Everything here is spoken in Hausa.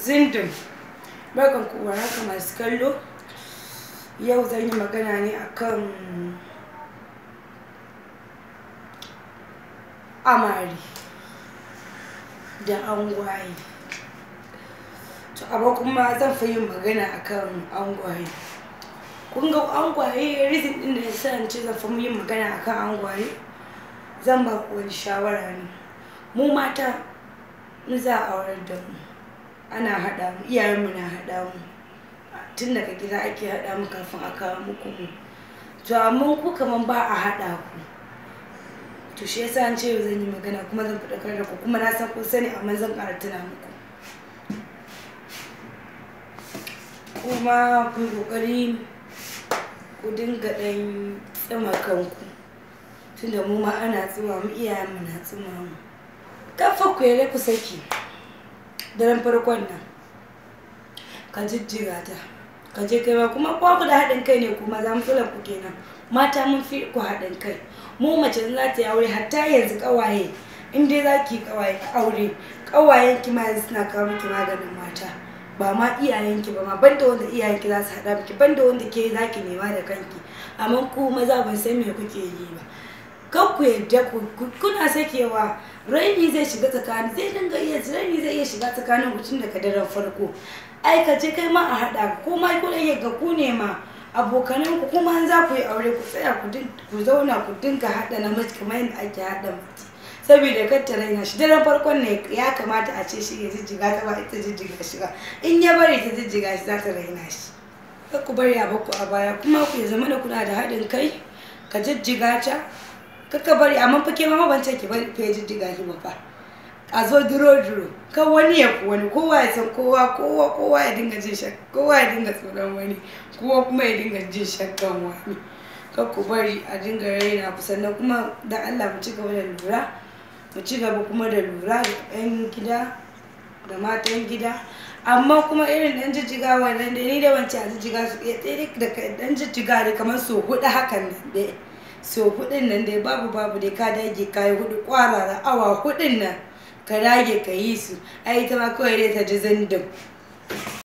zindin barkan ku haka masu kallo yau zan yi magana ne akan amari da angwaye to abu kuma zan fi yin magana akan angwaye kun ga angwaye rizin din da ya sa ce zan fi yin magana akan angwaye zan ba ku wani shawara ne mu mata mu za a aurar da mu ana haɗa mu iyayenmu na haɗa mu tun daga gida ake haɗa mu kafin a kawo muku mu to amma ku kaman ba a haɗa ku to shi yasa an ce zan yi magana kuma zan faɗakar da ku kuma na san kun sani amma zan ƙara tuna muku kuma ku ƙoƙari ku dinga ɗan tsima kanku tunda mu ma ana tsima mu iyayenmu na tsima mu kafa ku yare ku saki daren farkon nan ka jijjira ta ka je kai ma kuma ku da haɗin kai ne kuma za mu ku kenan mata mun fi ku haɗin kai mu mace za ta yi aure hatta yanzu ƙawaye in dai za ki ƙawaye aure ƙawayen ki ma yanzu suna kawo miki maganin mata ba ma iyayenki ba ma banda wanda iyayenki za su haɗa miki banda wanda ke za ki nema da kanki amma ku maza ban san me kuke yi ba kan ku yarda kuna sakewa raini zai shiga tsakani zai dinga iya raini zai iya shiga tsakanin mutum daga daren farko ai ka je kai ma a haɗa ko ma ku da ga ku ne ma abokanan ku kuma an za ku yi aure ku tsaya ku zauna ku dinga haɗa namiji kamar yadda ake haɗa mace saboda kar ta raina shi daren farkon ne ya kamata a ce shi ya jijjiga ta ba ita jijjiga shi ba in ya bari ta jijjiga shi za ta raina shi kar ku bari a ku a baya kuma ku ya zama da kuna da haɗin kai ka jijjiga ta kaka bari amma fa ke ma ban ce ki bari fa diga ki ba fa a zo duro duro ka wani ya wani kowa ya san kowa kowa kowa ya dinga jin shak kowa ya dinga tsoron wani kowa kuma ya dinga jin shakkan wani ka ku bari a dinga raina ku sannan kuma dan Allah mu ci gaba da lura mu ci gaba kuma da lura da ɗan gida da matan gida amma kuma irin dan jijjiga wannan da ni da wancan jijjiga su tsere eh, da dan jijjiga da kamar su hudu hakan ne so hudun nan dai babu babu dai ka dage ka yi hudu da awa hudun nan ka dage ka yi su ai ta ma kawai dai ta ji zandam